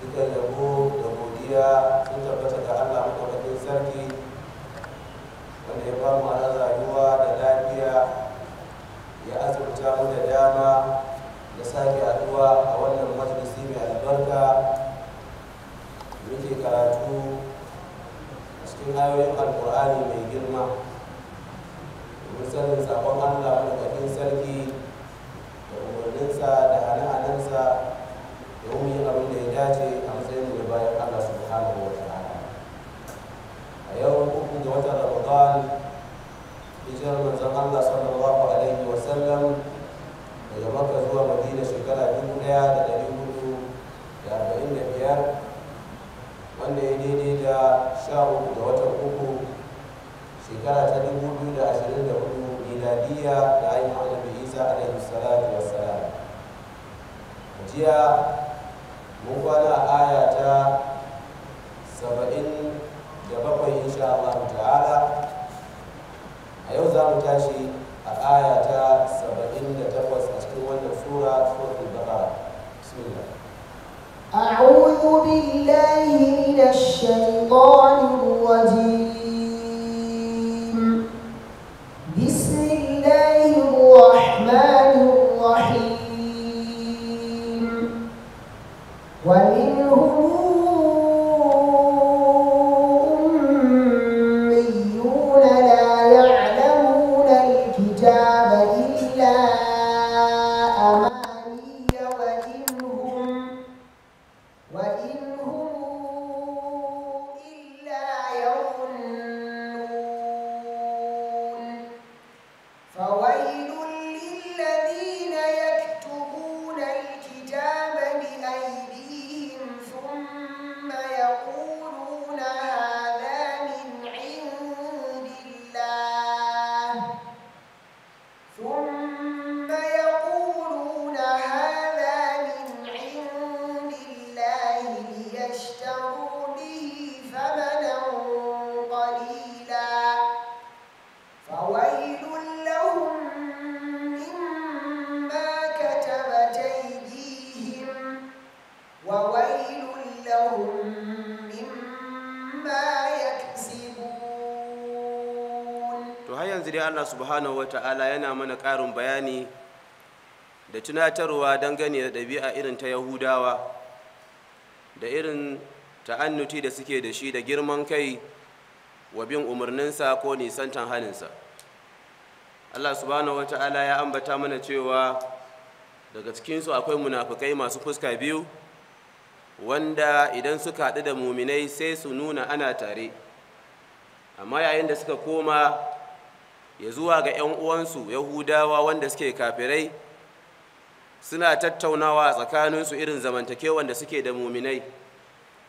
da yabo da godiya sun tabbata ga allah madaukakin sarki wanda ya bamu ana rayuwa da lafiya ya azurta mu da dama da sake haduwa a wannan majalisi mai albarka muke karatu a cikin ayoyin alkur'ani mai girma domin sanin sakon allah madaukakin sarki da umarninsa da hane-hanensa domin abin da ya dace a matsayin mu da bayan Allah subhanahu wa ta'ala a yau uku ga watan Ramadan hijirar manzon Allah sallallahu alaihi wa sallam daga Makka zuwa Madina shekara dubu ɗaya da ɗari hudu da arba'in da biyar wanda ya daidai da sha uku ga watan uku shekara ta dubu biyu da ashirin da hudu miladiya da ayyukan Annabi Isa alaihi salatu wassalam jiya mun kwana aya ta saba'in da bakwai insha Allah ta'ala a yau za mu tashi a ayata saba'in da takwas a cikin wannan sura suratul baqara bismillah أعوذ بالله من الشيطان الرجيم Oh. Allah subhanahu wa ta'ala yana mana ƙarin bayani da tunatarwa dangane da ɗabi'a irin ta yahudawa da irin ta'annuti da suke da shi da girman kai wa bin umarninsa ko nisantan haninsa Allah subhanahu wa ta'ala ya ambata mana cewa daga cikinsu akwai munafukai masu fuska biyu wanda idan suka haɗu da muminai sai su nuna ana tare amma yayin da suka koma ya zuwa ga 'yan uwansu yahudawa wanda suke kafirai suna tattaunawa a tsakaninsu irin zamantakewan da suke da muminai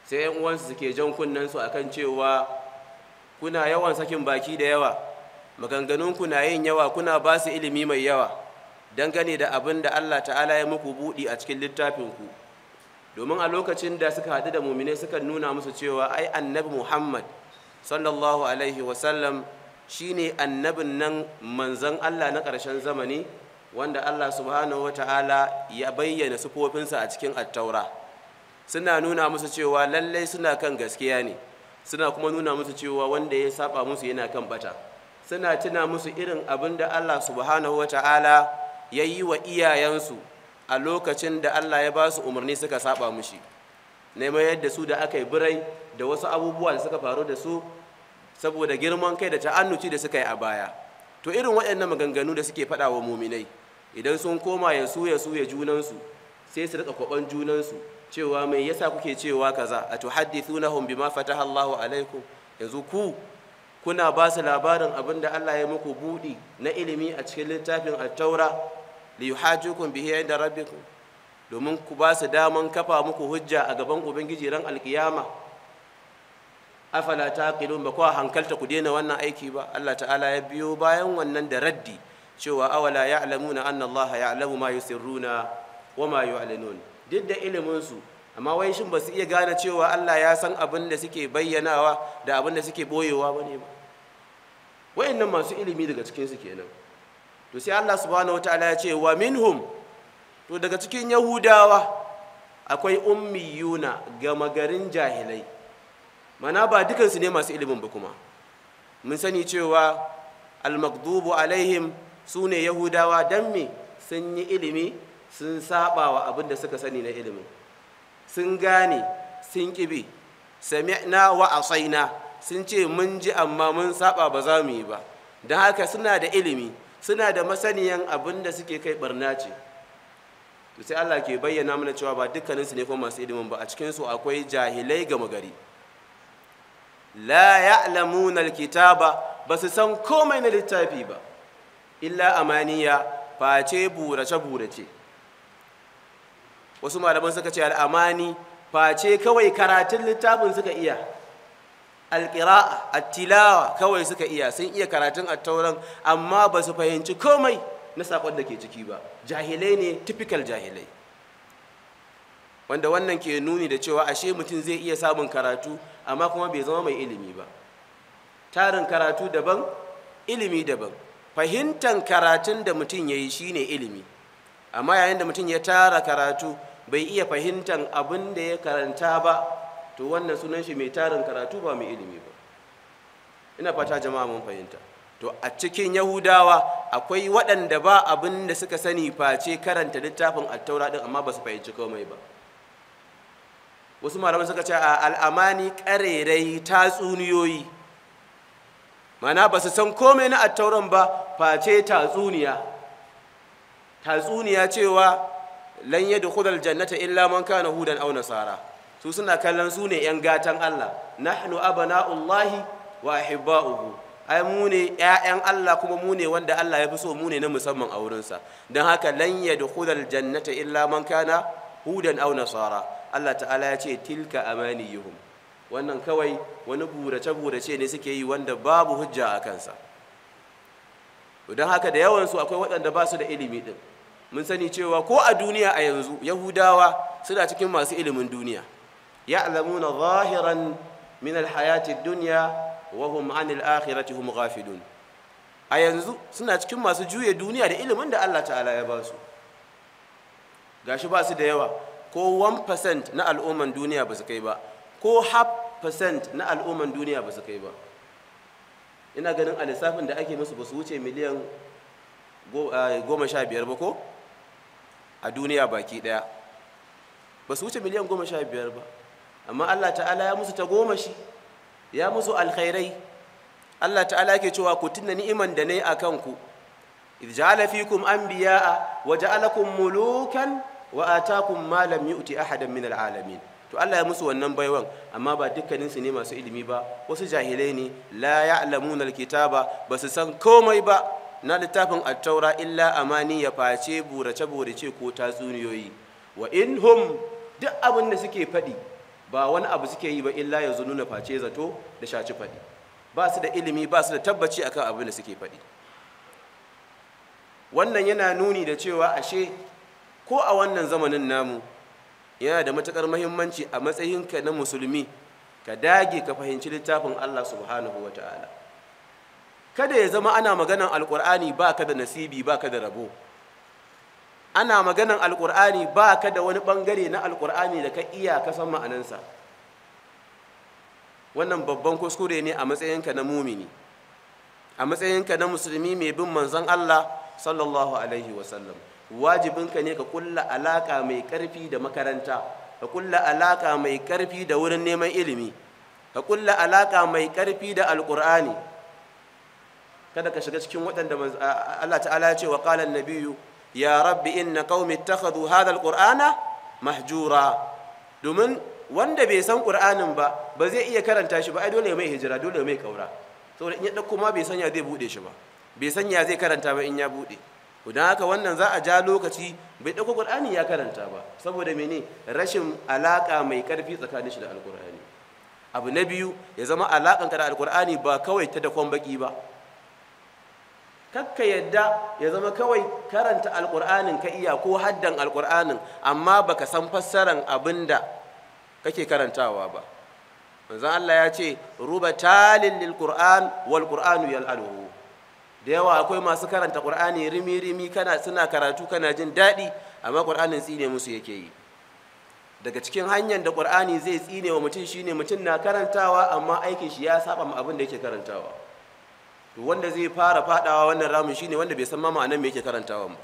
sai 'yan uwansu suke jan a kan cewa kuna yawan sakin baki da yawa maganganunku na yin yawa kuna ba su ilimi mai yawa dangane da abin da allah ta'ala ya muku buɗi a cikin littafinku domin a lokacin da suka haɗu da muminai suka nuna musu cewa ai annabi muhammad sallallahu alaihi wasallam shine annabin nan manzon Allah na ƙarshen zamani wanda Allah subhanahu wata'ala ya bayyana sufofinsa a cikin attaura suna nuna musu cewa lallai suna kan gaskiya ne suna kuma nuna musu cewa wanda ya saba musu yana kan bata suna tuna musu irin abin da Allah subhanahu ta'ala ya yi wa iyayensu a lokacin da Allah ya ba su umarni suka saba mushi neman yadda su da aka yi birai da wasu abubuwa da suka faru da su saboda girman kai da ta'annuci da suka yi a baya to irin waɗannan maganganu da suke faɗawa wa muminai idan sun koma ya su ya junansu sai su rika kwaban junansu cewa mai yasa kuke cewa kaza a tuhaddithunahum bima fataha Allahu alaikum yanzu ku kuna ba su labarin abin da Allah ya muku buɗi na ilimi a cikin littafin at-taura li yuhajjukum bihi inda rabbikum domin ku ba su daman kafa muku hujja a gaban ubangiji ran alkiyama afala taqilun ba kuwa hankalta ku daina wannan aiki ba Allah ta'ala ya biyo bayan wannan da raddi cewa awala ya alamu na anna Allah alamu ma yusirruna wa ma yu'linun duk da iliminsu amma wai shin ba su iya gane cewa Allah ya san abin da suke bayyanawa da abin da suke boyewa ne ba nan masu ilimi daga cikin su kenan to sai Allah subhanahu wataala ya ce wa minhum to daga cikin yahudawa akwai ummiyuna gama garin jahilai mana ba dukansu ne masu ilimin ba kuma mun sani cewa almakdubu alaihim su ne yahudawa don me sun yi ilimi sun saba wa abin da suka sani na ilimin sun gane sun kibi sami'na wa asaina sun ce mun ji amma mun saba ba za mu yi ba don haka suna da ilimi suna da masaniyan abin da suke kai barna ce to sai Allah ke bayyana mana cewa ba dukkaninsu ne kuma masu ilimin ba a cikinsu akwai jahilai gama gari la ya'lamuna alkitaba ba su san komai na littafi ba illa amaniya face burace burace wasu malaman suka ce al'amani face kawai karatun littafin suka iya alƙira'a attilawa kawai suka iya sun iya karatun attauran amma ba su fahimci komai na saƙon da ke ciki ba jahilai ne typical jahilai wanda wannan ke nuni da cewa ashe mutum zai iya samun karatu amma kuma bai zama mai ilimi ba tarin karatu daban ilimi daban Fahimtar karatun da mutum ya yi shi ne ilimi amma yayin da mutum ya tara karatu bai iya fahimtar abin da ya karanta ba to wannan sunan shi mai tarin karatu ba mai ilimi ba ina fata jama'a mun fahimta to a cikin yahudawa akwai waɗanda ba abin da suka sani face karanta littafin attaura ɗin amma ba su fahimci komai ba wasu malamai suka ce a al'amani ƙarerai tatsuniyoyi mana ba su san komai na attauran ba face tatsuniya tatsuniya cewa lan hudar jannata illa man kana hudan au nasara su suna kallon su ne yan gatan Allah nahnu abana'ullahi wa ahibba'uhu ai mu ne Allah kuma mu wanda Allah ya fi so mune na musamman a wurinsa don haka lan hudar jannata illa man kana hudan au nasara Allah ta'ala ya ce tilka amaniyuhum wannan kawai wani burace-burace ne suke yi wanda babu hujja a kansa don haka da yawansu akwai waɗanda ba su da ilimi ɗin mun sani cewa ko a duniya a yanzu yahudawa suna cikin masu ilimin duniya ya alamuna zahiran min alhayati duniya wa hum anil akhirati hum a yanzu suna cikin masu juya duniya da ilimin da Allah ta'ala ya ba su gashi ba su da yawa ko 1% na al'umman duniya ba su kai ba ko half percent na al'umman duniya ba su kai ba ina ganin a lissafin da ake musu ba su wuce miliyan eh, goma sha biyar ba ko a duniya baki daya ba su wuce miliyan goma sha biyar ba amma allah ta'ala ya musu ta goma shi ya musu alkhairai allah ta'ala ke cewa ku tunna ni'iman da ne a kanku idh ja'ala fikum anbiya'a wa ja'alakum mulukan wa atakum ma lam yu'ti ahadan min alalamin to Allah ya musu wannan baiwan amma ba dukkanin su ne masu ilimi ba wasu jahilai ne la ya'lamuna alkitaba ba su san komai ba na littafin at-taura illa amani ya face burace burace ko tatsuniyoyi wa in hum duk abin da suke faɗi ba wani abu suke yi ba illa ya zununa face zato da shaci faɗi ba su da ilimi ba su da tabbaci akan abin da suke faɗi wannan yana nuni da cewa ashe ko a wannan zamanin namu yana da matukar mahimmanci a matsayinka na musulmi ka dage ka fahimci littafin Allah subhanahu wa ta'ala kada ya zama ana maganan alkur'ani ba ka da nasibi ba ka da rabo ana maganan alkur'ani ba ka da wani bangare na alkur'ani da ka iya ka san ma'anansa wannan babban kuskure ne a matsayinka na mumini a matsayinka na musulmi mai bin manzon Allah sallallahu alaihi wasallam wajibinka ne ka kulla alaka mai karfi da makaranta ka kulla alaka mai karfi da wurin neman ilimi ka kulla alaka mai karfi da alkur'ani kada ka shiga cikin waɗanda Allah ta'ala ya ce wa qala an-nabiyyu ya rabbi inna qaumi ittakhadhu hadha al mahjura domin wanda bai san qur'anin ba ba zai iya karanta shi ba ai dole mai hijira dole mai kaura saboda in ya dauko ma bai sanya zai bude shi ba bai sanya zai karanta ba in ya bude don haka wannan za a ja lokaci bai ɗauko ƙur'ani ya karanta ba saboda mene rashin alaƙa mai ƙarfi tsakanin shi da alƙur'ani abu na biyu ya zama ka da alƙur'ani ba kawai ta dakon baƙi ba kakka yadda ya zama kawai karanta alƙur'anin ka iya ko haddan alƙur'anin amma baka san fassaran abin da kake karantawa ba manzon Allah ya ce ruba talin lil qur'an wal qur'anu yal'aluhu da yawa akwai masu karanta qur'ani rimi rimi kana suna karatu kana jin daɗi amma qur'anin tsine musu yake yi daga cikin hanyar da qur'ani zai tsine wa mutum shine mutum na karantawa amma aikin shi ya saba ma abin da yake karantawa to wanda zai fara fadawa wannan ramin shine wanda bai san ma ma'anar me yake karantawa ba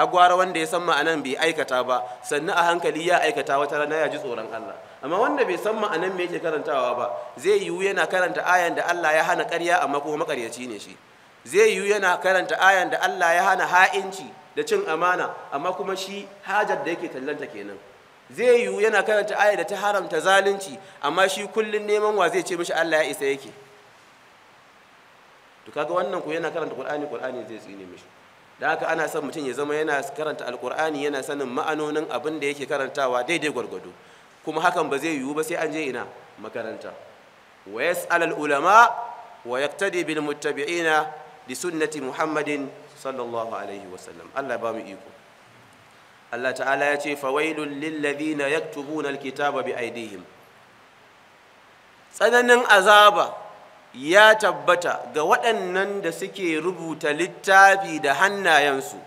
har gwara wanda ya san ma'anar bai aikata ba sannan a hankali ya aikata wata rana ya ji tsoron Allah amma wanda bai san ma'anar me yake karantawa ba zai yiwu yana karanta ayan da Allah ya hana ƙarya amma kuma makaryaci ne shi zai yiwu yana karanta ayan da Allah ya hana ha'inci da cin amana amma kuma shi hajar da yake tallanta kenan zai yiwu yana karanta ayan da ta haramta zalunci amma shi kullun neman wa zai ce mishi Allah ya isa yake to kaga wannan ku yana karanta Qur'ani Qur'ani zai tsine mishi da haka ana son mutum ya zama yana karanta al alkur'ani yana sanin ma'anonin abin da yake karantawa daidai gwargwado kuma hakan ba zai yiwu ba sai an je ina makaranta wa yas'al ulama wa yaqtadi bil muttabi'ina Di sunnati muhammadin sallallahu alaihi wasallam allah ba mu iko allah ta'ala ya ce fawailul lilladhina yaktubuna alkitaba bi aidihim tsananin azaba ya tabbata ga waɗannan da suke rubuta littafi da hannayensu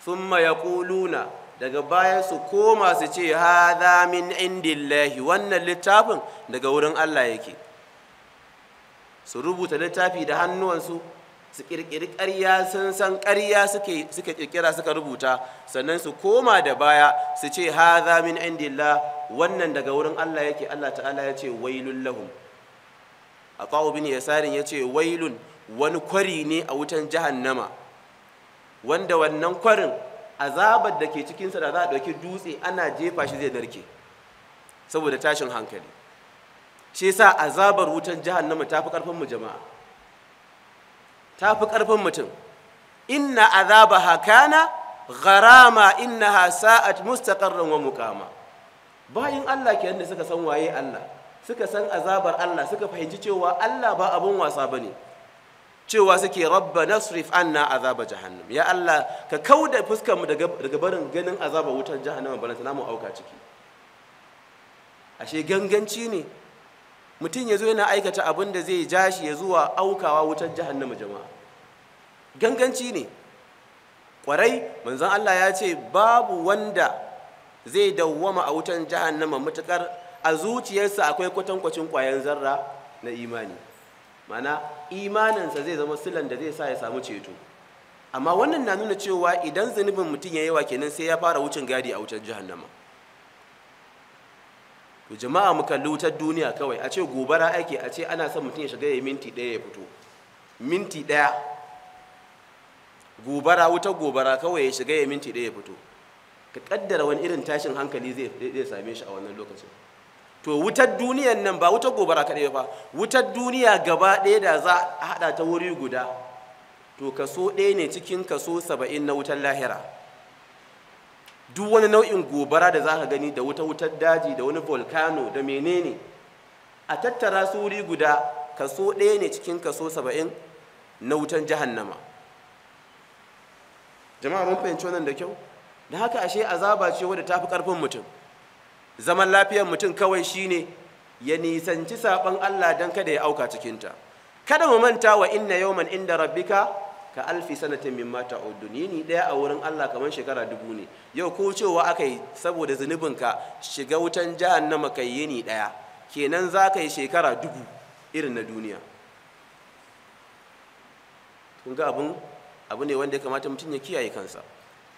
thumma yaquluna daga bayan su koma su ce hadha min indillahi wannan littafin daga wurin Allah yake su rubuta littafi da hannuwansu su ƙirƙiri ƙarya sun san ƙarya suke suka kirkira suka rubuta sannan su koma da baya su ce za min indillah wannan daga wurin Allah yake Allah ta'ala ya ce wailun lahum aqaw bin yasarin ya ce wailun wani kwari ne a wutan jahannama wanda wannan kwarin azabar da ke cikinsa da za a ɗauki dutse ana jefa shi zai narke saboda tashin hankali shi yasa azabar wutan jahannama ta fi ƙarfin mu jama'a ta fi ƙarfin mutum inna azaba hakana, gharama inna ha sa'at mustaqarran wa muqama bayin Allah kenan da suka san waye Allah suka san azabar Allah suka fahimci cewa Allah ba abun wasa bane cewa suke rabba nasrif anna azaba jahannam ya Allah ka kauda fuskar mu daga barin ganin azabar wutar ba na mu auka ciki ashe ganganci ne mutum ya zo yana aikata abin da zai ja shi ya zuwa aukawa wutar jahannama jama'a ganganci ne ƙwarai manzon Allah ya ce babu wanda zai dawwama a wutan jahannama matukar a zuciyarsa akwai kwatankwacin ƙwayan zarra na imani mana imaninsa zai zama silan da zai sa ya samu ceto amma wannan na nuna cewa idan zunubin mutum ya yawa kenan sai ya fara wucin gadi a wutar jahannama to jama'a mu kalli wutar duniya kawai a ce gobara ake a ce ana son mutum ya shiga ya minti ɗaya ya fito minti ɗaya gobara wutar gobara kawai ya shiga ya minti ɗaya ya fito ka kaddara wani irin tashin hankali zai same shi a wannan lokacin to wutar duniyan nan ba wutar gobara kaɗai ba wutar duniya gaba ɗaya da za a haɗa ta wuri guda to kaso ɗaya ne cikin kaso saba'in na wutar lahira duk wani nau'in gobara da za ka gani da wuta wutar daji da wani volcano da menene a tattara su wuri guda kaso ɗaya ne cikin kaso saba'in na wutan jahannama jama'a mun fahimci wannan da kyau da haka ashe azaba ce wadda fi karfin mutum zaman lafiyar mutum kawai shine ya nisanci sabon Allah dan kada ya auka cikin ta kada mu manta wa inna yawman inda rabbika ka alfi sanatin mimma ta'udun yini daya a wurin Allah kamar shekara dubu ne yau ko cewa aka yi saboda ka shiga wutan jahannama kai yini daya kenan za ka yi shekara dubu irin na duniya kun ga abin abu ne wanda ya kamata mutum ya kiyaye kansa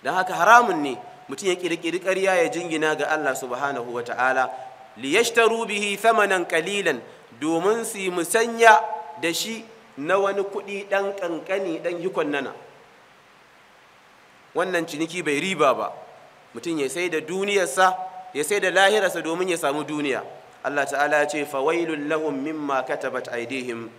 don haka haramun ne mutum ya kirkiri karya ya jingina ga Allah subhanahu wa ta'ala li yashtaru bihi thamanan qalilan domin su musanya da shi na wani kuɗi ɗan ƙanƙani ɗan hikon nana wannan ciniki bai riba ba mutum ya sai da duniyarsa ya sai da lahirarsa domin ya samu duniya Allah ta'ala ya ce fawailun lahum mimma katabat aidihim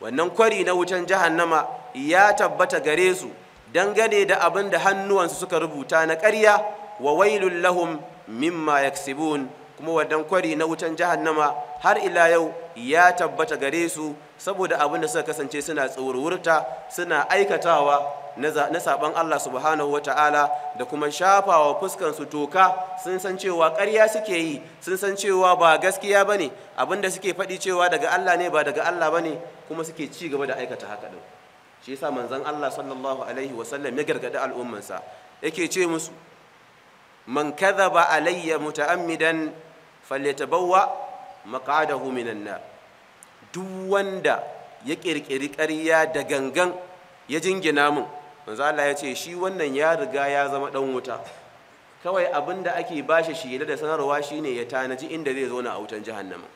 wannan kwari na wutan jahannama ya tabbata gare su dangane da abin da hannuwansu suka rubuta na ƙarya wa wailun lahum mimma yaksibun kuma wannan kwari na wutan jahannama har ila yau ya tabbata gare su saboda abin da suka kasance suna tsururta suna aikatawa na saban Allah subhanahu wa ta'ala da kuma shafawa su toka sun san cewa ƙarya suke yi sun san cewa ba gaskiya ba ne abin suke faɗi cewa daga Allah ne ba daga Allah ba ne kuma suke ci gaba da aikata haka din shi yasa manzon Allah sallallahu alaihi wa sallam ya gargadi al'ummansa yake ce musu man kadhaba alayya muta'ammidan falyatabawwa maq'adahu minan nar duk wanda ya kirkiri ƙarya da gangan ya jingina mun manzo Allah ya ce shi wannan ya riga ya zama dan wuta kawai abinda ake bashi shi da sanarwa shine ya tanaji inda zai zo na a wutan jahannama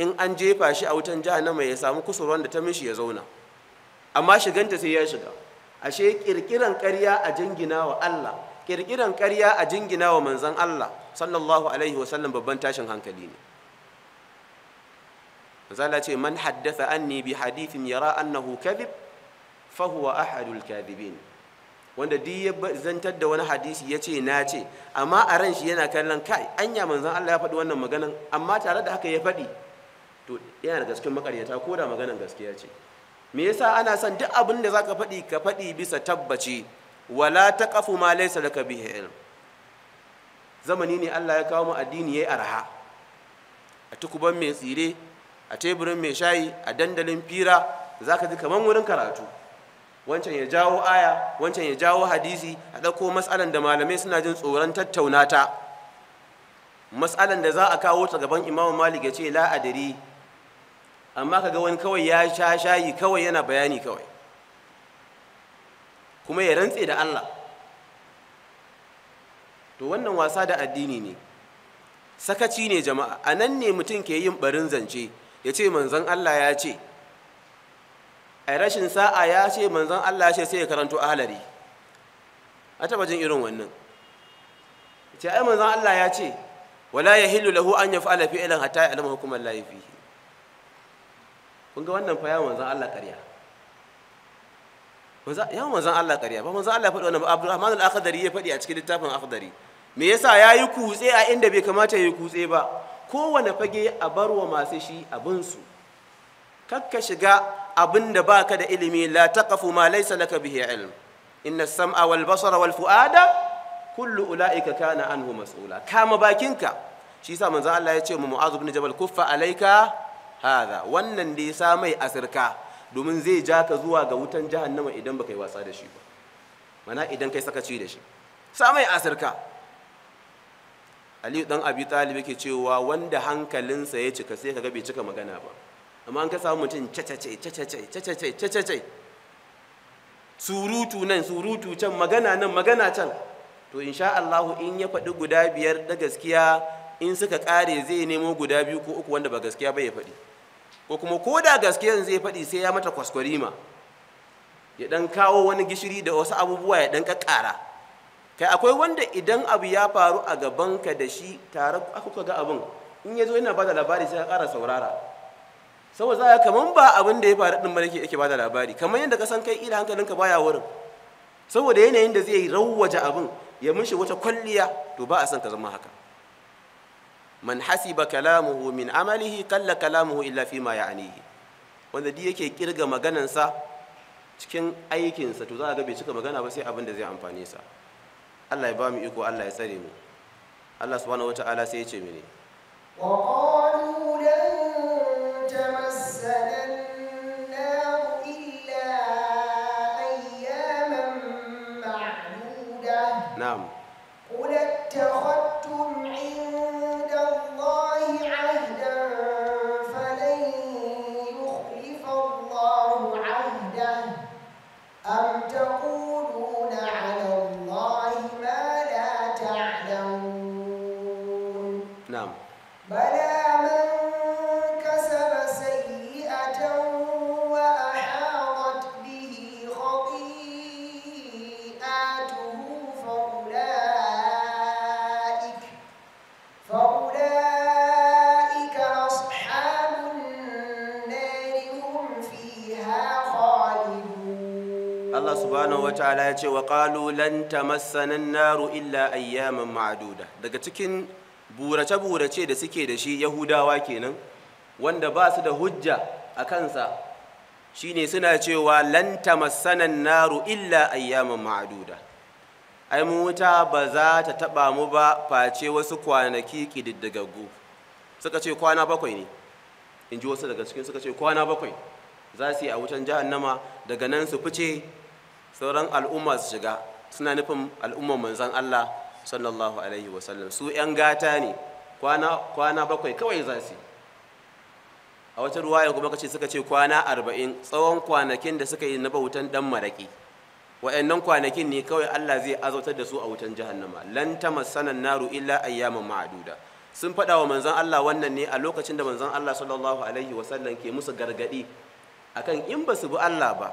in an jefa shi a wutan jahannama ya samu kusurwan da ta mishi ya zauna amma shiganta sai ya shiga ashe kirkiran ƙarya a jingina wa Allah kirkiran ƙarya a jingina wa manzon Allah sallallahu alaihi wa sallam babban tashin hankali ne zala ce man haddatha anni bi hadithin yara annahu kadhib fa huwa ahadul kadhibin wanda duk ya zantar da wani hadisi ya ce na ce amma a ran shi yana kallon kai anya manzon Allah ya faɗi wannan maganan amma tare da haka ya faɗi to yana da cikin makaryata ko da maganan gaskiya ce me yasa ana son duk abin da zaka faɗi ka faɗi bisa tabbaci wala taqafu ma laysa laka bihi ilm zamani ne Allah ya kawo mu addini yayi arha a tukuban mai tsire a teburin mai shayi a dandalin fira zaka ji kaman wurin karatu wancan ya jawo aya wancan ya jawo hadisi a ɗauko matsalan da malamai suna jin tsoron tattaunata. ta matsalan da za a kawo ta gaban imamu malik ya ce la adiri amma ka ga wani kawai ya sha shayi kawai yana bayani kawai kuma ya rantse da Allah to wannan wasa da addini ne sakaci ne jama'a a nan ne mutum ke yin barin zance ya ce manzan Allah ya ce a rashin sa'a ya ce manzon Allah ya ce sai ya karanto ahalari a taba jin irin wannan ce ai manzan Allah ya ce wala ya lahu an yaf'ala fi'lan hatta ya'lamu hukuman la laifi. kun ga wannan fa ya manzan Allah ƙarya ya wanzan Allah ƙarya ba wanzan Allah faɗi wannan ba Abdulrahman al-Akhdari ya faɗi a cikin littafin Akhdari me yasa ya yi kutse a inda bai kamata ya yi kutse ba kowane fage a barwa masu shi abinsu kakka shiga abin da baka da ilimi la taqafu ma laysa laka bihi ilm inna sam'a wal basara wal fu'ada kullu ulaika kana anhu mas'ula kama bakinka shi yasa manzo Allah ya ce mu mu'azu bin Jabal kuffa alayka haza wannan da ya sa mai asirka domin zai ja ka zuwa ga wutan jahannama idan baka yi wasa da shi ba mana idan kai sakaci da shi sa mai asirka aliyu dan abi talib yake cewa wanda hankalinsa ya cika sai kaga bai cika magana ba amma an ka samu mutum cacace cacace cacace cacace surutu nan surutu can magana nan magana can to insha Allah in ya faɗi guda biyar da gaskiya in suka ƙare zai nemo guda biyu ko uku wanda ba gaskiya ba ya faɗi ko kuma ko da gaske yanzu zai faɗi sai ya mata kwaskwarima ya ɗan kawo wani gishiri da wasu abubuwa ya ɗan ƙaƙƙara kai akwai wanda idan abu ya faru a gabanka da shi tare kuka ga abin in ya zo yana ba da labari sai ka ƙara saurara saboda za ka kaman ba abin da ya faru ɗin ba yake ba da labari kamar yadda ka san kai ila hankalinka baya wurin saboda yanayin da zai rawwaje abin ya mishi wata kwalliya to ba a son ka zama haka man hasiba kalamuhu min amalihi kalla kalamuhu illa fi ma ya'nihi wanda duk yake kirga maganansa cikin aikinsa to za a ga bai cika magana ba sai abin da zai amfane sa Allah ya ba mu iko Allah ya tsare mu Allah subhanahu wataala sai ya ce mene وقالوا لن تمسنا تعلمون نعم بلى ta'ala ya ce wa ƙalu lanta tamassana naru illa ayyaman ma'aduda daga cikin burace burace da suke da shi yahudawa kenan wanda ba su da hujja a kansa shine suna cewa lanta masanin naru illa ayyaman ma'aduda ai mu wuta ba za ta taba mu ba face wasu kwanaki kididdigaggu suka ce kwana bakwai ne in ji wasu daga cikin suka ce kwana bakwai za su yi a wutan jahannama daga nan su fice sauran al'umma su shiga suna nufin al'umman manzan Allah sallallahu alaihi wasallam su 'yan gata ne kwana bakwai kawai za su a wata ruwayan kuma kace suka ce kwana arba'in tsawon kwanakin da suka yi na bautan dan maraƙi wa'annan kwanakin ne kawai Allah zai azautar da su a wutan jahannama lan tamassana naru illa ayyaman ma'aduda sun faɗa wa manzon Allah wannan ne a lokacin da manzon Allah sallallahu alaihi wasallam ke musu gargadi akan in ba su bi Allah ba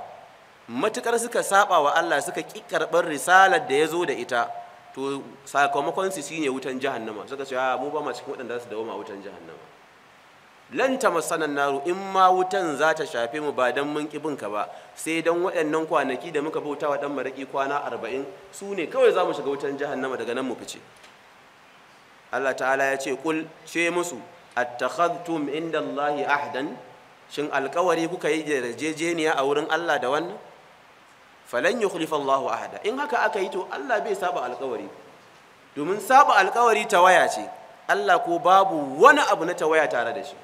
matukar suka saba wa Allah suka ƙi karɓar risalar da ya zo da ita to sakamakon su shine wutan jahannama suka ce a ah, mu ba ma cikin waɗanda su dawoma wutan jahannama lan tamassanan naru in ma wutan za ta shafe mu ba dan mun ƙi binka ba sai dan waɗannan kwanaki da muka bauta wa dan maraƙi kwana arba'in su ne kawai za mu shiga wutan jahannama daga nan mu fice Allah ta'ala ya ce kul ce musu attakhadtum inda Allahi ahdan shin alkawari kuka yi da yarjejeniya a wurin Allah da wannan falan yukhlifa Allahu ahada in haka aka yi to Allah bai saba alkawari domin saba alkawari ta waya ce Allah ko babu wani abu na tawaya tare da shi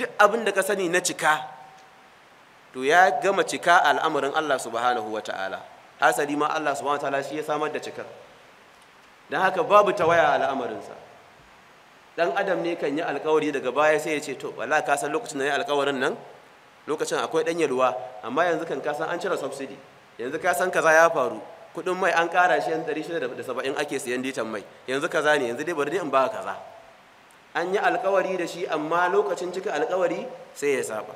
duk abin da ka sani na cika to ya gama cika al'amarin Allah subhanahu wa ta'ala hasali ma Allah subhanahu wa ta'ala shi ya samar da cikar don haka babu tawaya al'amarinsa dan adam ne kan yi alkawari daga baya sai ya ce to wala ka san lokacin da ya alkawarin nan lokacin akwai ɗan yalwa amma yanzu kan kasan an cire subsidy yanzu kasan kaza ya faru kuɗin mai an kara shi yan ɗari shida da saba'in ake siyan ditan mai yanzu kaza ne yanzu dai bari in ba kaza an yi alkawari da shi amma lokacin cika alkawari sai ya saba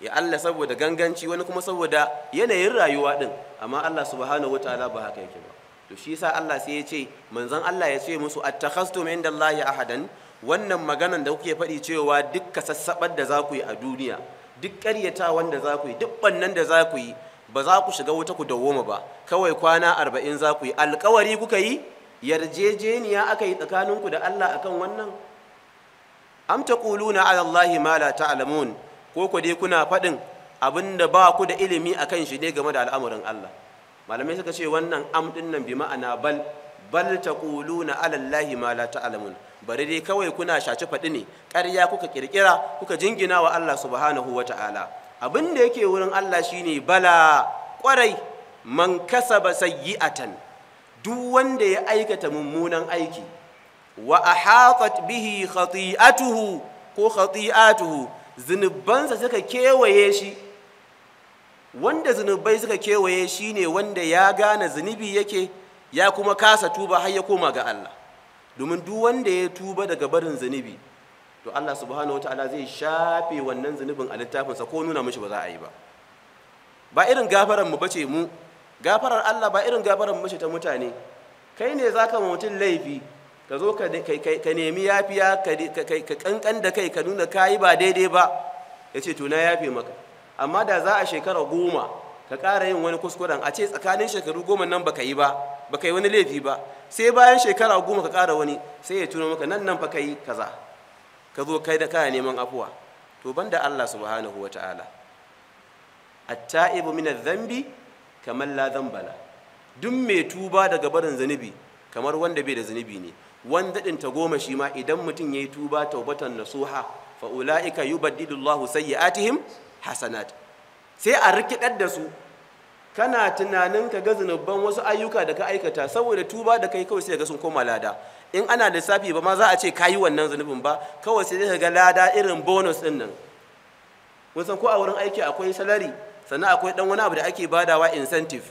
ya Allah saboda ganganci wani kuma saboda yanayin rayuwa din amma Allah subhanahu wataala ba haka yake ba to shi yasa Allah sai ya ce manzon Allah ya ce musu attakhastum indallahi ahadan wannan maganan da kuke faɗi cewa duk sassaɓar da za ku yi a duniya duk ƙaryata wanda za ku yi duk ɓannan da za ku yi ba za ku shiga wuta ku dawoma ba kawai kwana arba'in za ku yi alkawari kuka yi yarjejeniya aka yi tsakaninku da Allah akan wannan am taquluna ala Allahi ma la ta'lamun ko ku dai kuna faɗin abinda ba ku da ilimi a kan shi ne game da al'amuran Allah malamai suka ce wannan am din nan bi ma'ana bal bal ta ala Allahi ma la ta'lamun bari dai kawai kuna shaci faɗi ne ƙarya kuka ƙirƙira kuka jingina wa Allah subhanahu wa ta'ala abin da yake wurin Allah shine bala ƙwarai man kasaba sayyi'atan duk wanda ya aikata mummunan aiki wa ahatat bihi khati'atuhu ko khati'atuhu zunubansa suka kewaye shi wanda zunubai suka kewaye shine wanda ya gane zunubi yake ya kuma kasa tuba har ya koma ga Allah domin duk wanda ya tuba daga barin zunubi to Allah subhanahu wataala zai shafe wannan zunubin a littafinsa ko nuna mishi ba za a yi ba ba irin gafaran mu bace mu gafarar Allah ba irin gafaran mu ta mutane kai ne zaka ma mutum laifi ka zo ka nemi yafiya ka kankan da kai ka nuna kai ba daidai ba yace ce to na yafe maka amma da za a shekara goma ka ƙara yin wani kuskuren a ce tsakanin shekaru goma nan baka yi ba baka yi wani laifi ba sai bayan shekara goma ka ƙara wani sai ya tuno maka nan nan fa kai kaza ka zo kai da kana neman afuwa to banda Allah subhanahu wata'ala at-ta'ibu min adh-dhanbi kamar la dhanbala duk mai tuba daga barin zanubi kamar wanda bai da zanubi ne wanda din ta goma shi ma idan mutum yayi tuba taubatan nasuha fa ulaika yubaddilu Allahu sayyi'atihim hasanat sai a rikidar da su kana tunanin ka ga zunubban wasu ayyuka da ka aikata saboda tuba da kai kawai sai ga sun koma lada in ana lissafi ba ma za a ce ka yi wannan zunubin ba kawai sai ka ga lada irin bonus din nan mun ko a wurin aiki akwai salary, sannan akwai dan wani abu da ake badawa incentive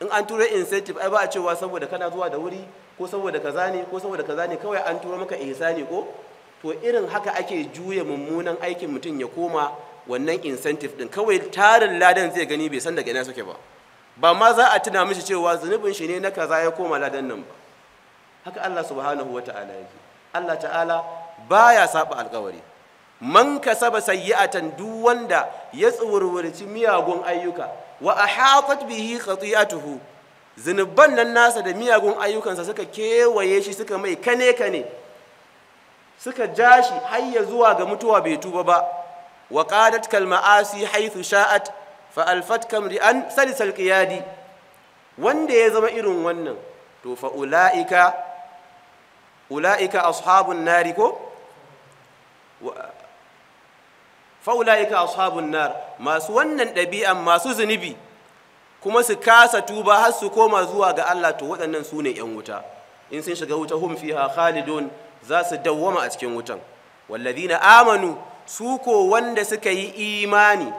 in an tura incentive ai ba a cewa saboda kana zuwa da wuri ko saboda kaza ne ko saboda kaza ne kawai an tura maka ihsani ko to irin haka ake juya mummunan aikin mutum ya koma wannan incentive din kawai tarin ladan zai gani bai san daga ina suke ba ba ma za a tuna mishi cewa zunubin shi ne na kaza ya koma ladan nan ba haka Allah subhanahu wata'ala yake Allah ta'ala baya saba alkawari man kasaba sayyi'atan duk wanda ya tsuwurwurci miyagun ayyuka wa ahatat bihi khati'atuhu zunuban nan nasa da miyagun ayyukansa suka kewaye shi suka mai kane kane suka ja shi har ya zuwa ga mutuwa bai tuba ba wa qadatka al-ma'asi haythu sha'at fa alfatka mri'an salisal qiyadi wanda ya zama irin wannan to fa ulaika ulaika ashabun nari nar masu wannan ɗabi'an masu zunubi kuma su kasa tuba har su koma zuwa ga Allah to waɗannan su 'yan wuta in sun shiga wuta hum fiha khalidun za su dawwama a cikin wutan wallazina amanu su ko wanda suka yi imani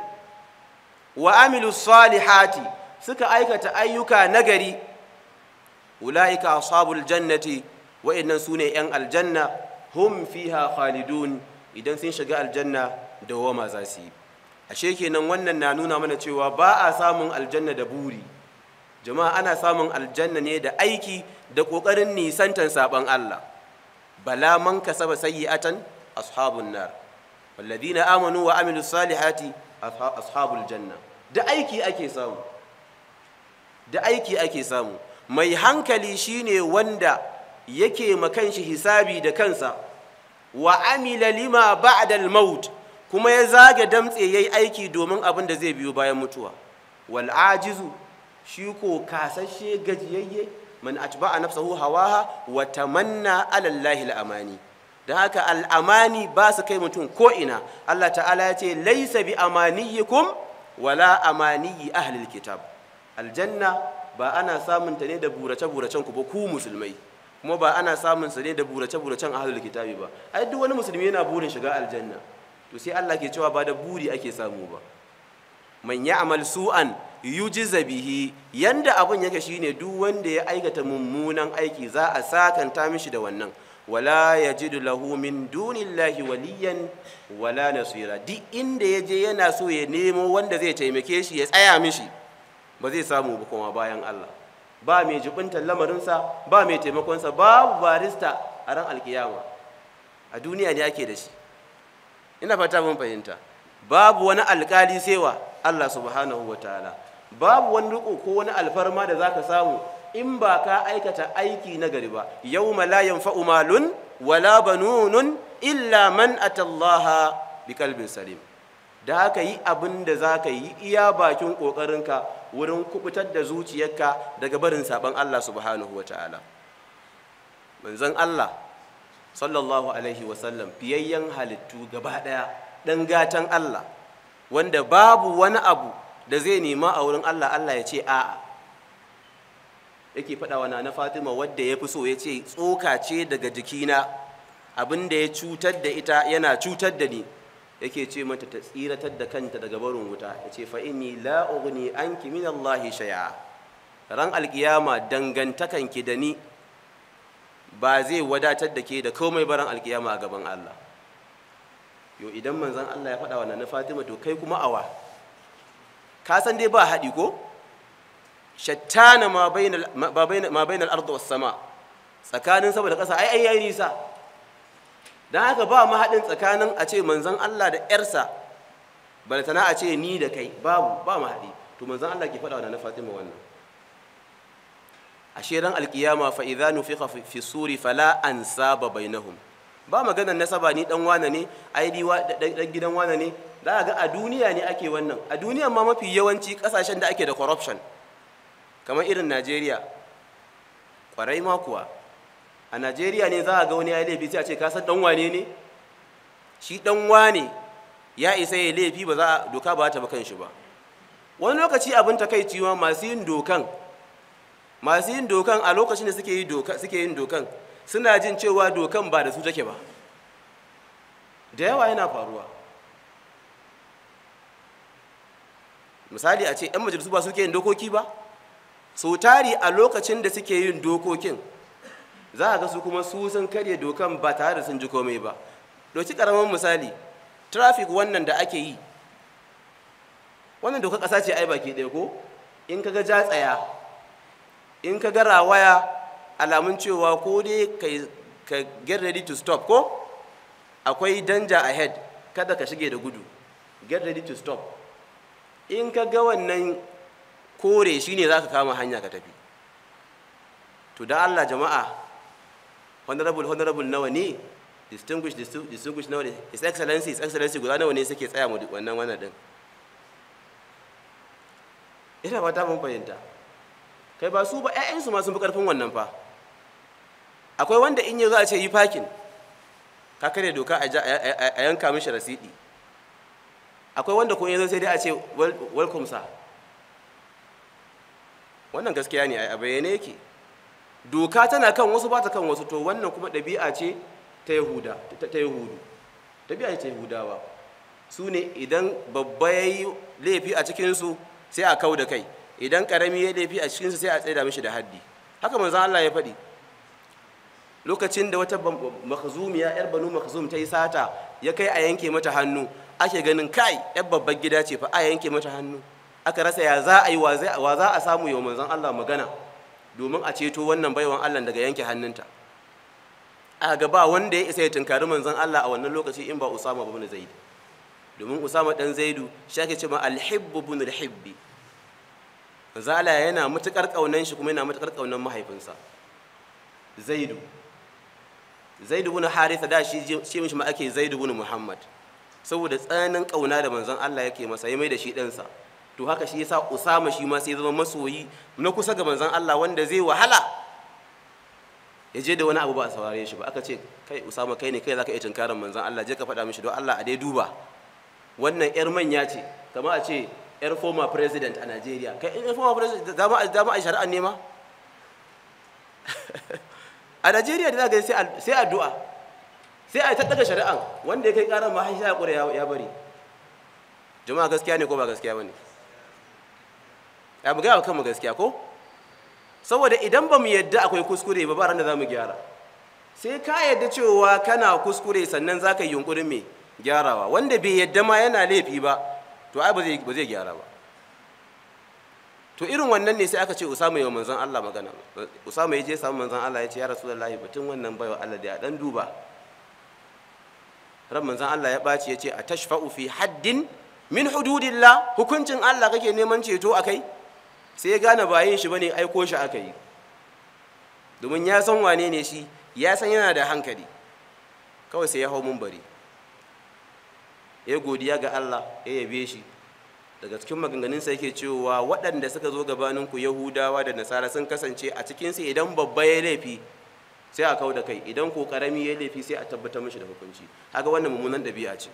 wa amilu salihati suka aikata ayyuka nagari ula'ika ashabul jannati wa'annan su ne 'yan aljanna hum fiha khalidun idan sun shiga aljanna dawama za su yi ashe kenan wannan na nuna mana cewa ba a samun aljanna da buri jama'a ana samun aljanna ne da aiki da ƙoƙarin nisantan saɓon allah bala man kasaba sayyi'atan ashabun nar walladina amanu wa amilu salihati ashabul janna da aiki ake samu da aiki ake samu mai hankali shine wanda yake shi hisabi da kansa wa amila lima ba'da al-maut kuma ya zage damtse yayi aiki domin abin da zai biyo bayan mutuwa wal ajizu shi ko kasashe gajiyayye man atba'a nafsahu hawaha wa tamanna ala allahi al-amani da haka al'amani ba su kai mutum ko'ina Allah ta'ala ya ce laisa bi amaniyikum wala amaniyi ahlil kitab aljanna ba ana samun ta ne da burace-buracen ku ba ku musulmai kuma ba ana samun sa ne da burace-buracen ahlul kitabi ba ai duk wani musulmi yana burin shiga aljanna to sai Allah ke cewa ba da buri ake samu ba man ya'mal su'an yujza bihi yanda abun yake shine duk wanda ya aikata mummunan aiki za a sakanta mishi da wannan wala yajidu lahu min dunillahi waliyan wala nasira duk inda ya je yana so ya nemo wanda zai taimake shi ya tsaya mishi ba zai samu ba bayan Allah ba mai jibinta lamarinsa ba mai taimakonsa babu barista a ran alkiyama a duniya ne ake da shi ina fata mun fahimta babu wani alkali wa Allah subhanahu wataala babu wani riko ko wani alfarma da zaka samu in ba ka aikata aiki na gari ba yau la fa’umalun wala banunun illa man atallaha kalbin salim da haka yi abin da za ka yi iya bakin ƙoƙarinka wurin kubutar da zuciyarka daga barin saɓon Allah subhanahu wa ta'ala manzan Allah sallallahu alaihi wasallam fiyayyen halittu gaba ɗaya ɗan gatan Allah wanda babu wani abu da zai nema a wurin Allah Allah ya ce a'a yake faɗa wa na fatima wadda ya fi so ya ce tsoka ce daga jikina abinda ya cutar da ita yana cutar da ni yake ce mata ta tsiratar da kanta daga barin wuta ya ce fa'ini la'ugni an ki min Allahi shaya ran alkiyama dangantakanki da ni ba zai wadatar da ke da komai baran alkiyama a gaban Allah yo idan manzan Allah ya faɗa wa na fatima to kai kuma awa ka san dai ba haɗi ko shattana ma bainal ardu was sama tsakanin saboda ƙasa ai ai yayi nisa Don haka ba mahaɗin tsakanin a ce manzon Allah da ƴarsa balantana a ce ni da kai babu ba mahadi to manzon Allah ke faɗa wa na Fatima wannan A ran alkiyama fa idza nufiqa fi suri fala ansaba bainahum ba maganar nasaba ni dan wane ne ai ni dan gidan wane ne za ga a duniya ne ake wannan a duniya ma mafi yawanci kasashen da ake da corruption kamar irin najeriya kwarai ma kuwa a najeriya ne za a ga wani ya laifi sai a ce kasar dan wane ne shi dan wane ya isa ya laifi ba za doka ba ta ba shi ba wani lokaci abin kai ciwa masu yin dokan masu yin dokan a lokacin da suke yin dokan suna jin cewa dokan ba da su take ba da yawa yana faruwa misali a ce 'yan majalisu ba suke yin dokoki ba su tari a lokacin da suke yin dokokin za a ga su kuma su sun karya dokan ba tare da sun ji komai ba doki karamin misali traffic wannan da ake yi wannan dokar ƙasa ce ai baki ɗaya ko in ka ga ja tsaya in ka ga rawaya alamun cewa ko dai ka get ready to stop ko akwai danja ahead kada ka shige da gudu get ready to stop in ka ga wannan kore shi ne za ka kama hanya ka tafi to da allah jama'a honorable honorable nawa ne distinguished distinguished nawa ne his excellency his excellency guda nawa ne suke tsaya mu wannan wannan din ina ta mun fahimta kai ba su ba su ma sun fi ƙarfin wannan fa akwai wanda in ya zo a ce yi fakin ka kare doka a yanka mishi rasidi akwai wanda ko ya zo sai dai a ce welcome sir wannan gaskiya ne a bayyane yake doka tana kan wasu ba ta kan wasu to wannan kuma ɗabi'a ce ta yahuda ta yahudu ɗabi'a ce ta yahudawa su ne idan babba ya yi laifi a cikinsu sai a kau da kai idan ƙarami ya yi laifi a cikinsu sai a tsaida mishi da haddi haka manzo Allah ya faɗi lokacin da wata makhzumiya yar banu makhzum ta yi sata ya kai a yanke mata hannu ake ganin kai yar babbar gida ce fa a yanke mata hannu aka rasa ya za a yi wa za a samu yau manzon Allah magana domin a ceto wannan baiwan Allah daga yanke hannunta a ga ba wanda ya isa ya tunkari manzon Allah a wannan lokaci in ba Usama ibn Zaid domin Usama dan Zaidu shake ce ma al-hibbu ibn al-hibbi yana mutukar kaunan shi kuma yana mutukar kaunan mahaifinsa Zaidu Zaidu ibn Haritha da shi shi mishi ma ake Zaidu ibn Muhammad saboda tsananin kauna da manzon Allah yake masa yayi mai da shi dan sa to haka shi yasa Usama shi ma sai zama masoyi na kusa ga manzon Allah wanda zai wahala ya je da wani abu ba a saurare shi ba aka ce kai Usama kai ne kai zaka iya tunkarin manzon Allah je ka faɗa mishi don Allah a dai duba wannan yar manya ce kamar a ce yar former president a Najeriya kai in yar former president dama a dama a shari'a ne ma a Najeriya da zaka sai sai addu'a sai a ta daga shari'an wanda ya kai karar ma har ya ya bari jama'a gaskiya ne ko ba gaskiya bane ya mu gaya wa kanmu gaskiya ko saboda idan ba mu yadda akwai kuskure ba ba ran da za mu gyara sai ka yadda cewa kana kuskure sannan za ka yi yunkurin mai gyarawa wanda bai yadda ma yana laifi ba to ai ba zai gyara ba to irin wannan ne sai aka ce usama wa manzon Allah magana usama ya je samu manzon Allah ya ce ya rasulullahi batun wannan baiwa Allah da ya dan duba ran manzon Allah ya ɓaci ya ce a tashfa'u fi haddin min hududillah hukuncin Allah kake neman ceto akai sai ya gane ba yin shi bane aiko shi aka yi domin ya san wane ne shi ya san yana da hankali kawai sai ya hau bari ya godiya ga Allah ya yabe shi daga cikin maganganunsa yake cewa waɗanda suka zo gabaninku yahudawa da nasara sun kasance a cikinsu idan babba ya laifi sai a kau da kai idan ko karami ya laifi sai a tabbatar mishi da hukunci kaga wannan mummunan dabi'a ce